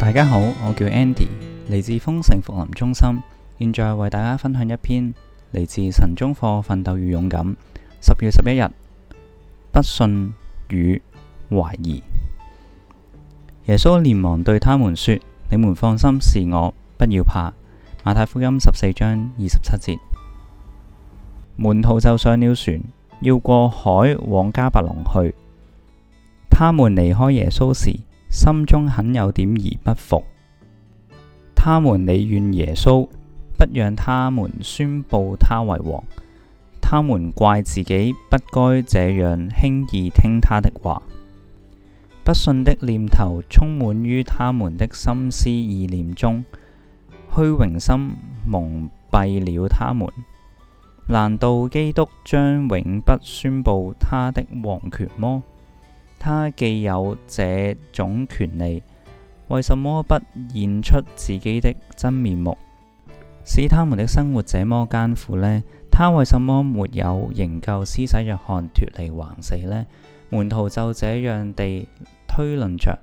大家好，我叫 Andy，嚟自豐盛福林中心，現在為大家分享一篇嚟自神中課《奮鬥與勇敢》十月十一日，不信與懷疑。耶穌連忙對他們說：你們放心，是我，不要怕。馬太福音十四章二十七節。門徒就上了船，要過海往迦百農去。他們離開耶穌時。心中很有點兒不服，他們埋怨耶穌，不讓他們宣布他為王。他們怪自己不該這樣輕易聽他的話，不信的念頭充滿於他們的心思意念中，虛榮心蒙蔽了他們。難道基督將永不宣布他的王權嗎？他既有這種權利，為什麼不顯出自己的真面目，使他們的生活這麼艱苦呢？他為什麼沒有營救施洗約翰脱離橫死呢？門徒就這樣地推論着，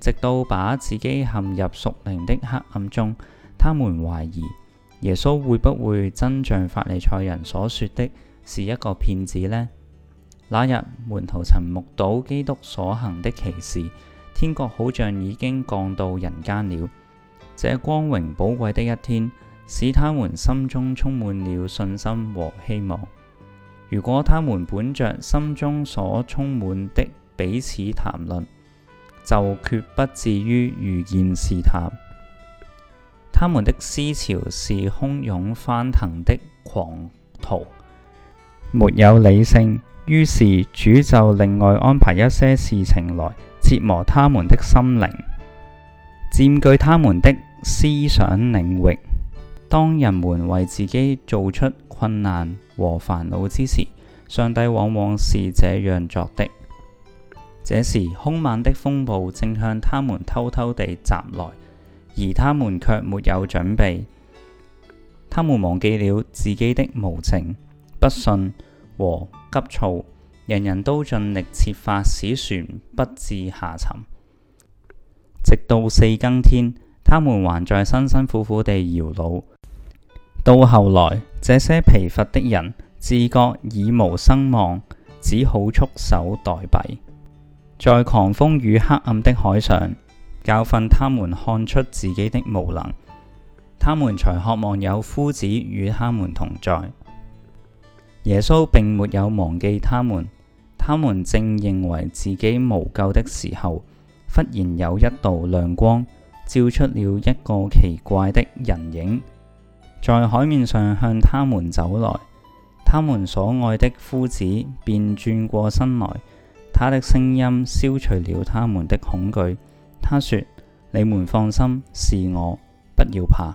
直到把自己陷入屬靈的黑暗中。他們懷疑耶穌會不會真像法利賽人所說的是一個騙子呢？那日門徒曾目睹基督所行的奇事，天國好像已經降到人間了。這光榮寶貴的一天，使他們心中充滿了信心和希望。如果他們本着心中所充滿的彼此談論，就絕不至於遇見試探。他們的思潮是洶湧翻騰的狂濤。沒有理性，於是主就另外安排一些事情來折磨他們的心靈，佔據他們的思想領域。當人們為自己做出困難和煩惱之時，上帝往往是這樣作的。這時，兇猛的風暴正向他們偷偷地襲來，而他們卻沒有準備，他們忘記了自己的無情。不信和急躁，人人都盡力設法使船不至下沉。直到四更天，他們還在辛辛苦苦地搖櫓。到後來，這些疲乏的人自覺已無生望，只好束手待斃。在狂風與黑暗的海上，教訓他們看出自己的無能，他們才渴望有夫子與他們同在。耶穌並沒有忘記他們，他們正認為自己無救的時候，忽然有一道亮光照出了一個奇怪的人影，在海面上向他們走來。他們所愛的夫子便轉過身來，他的聲音消除了他們的恐懼。他說：你們放心，是我，不要怕。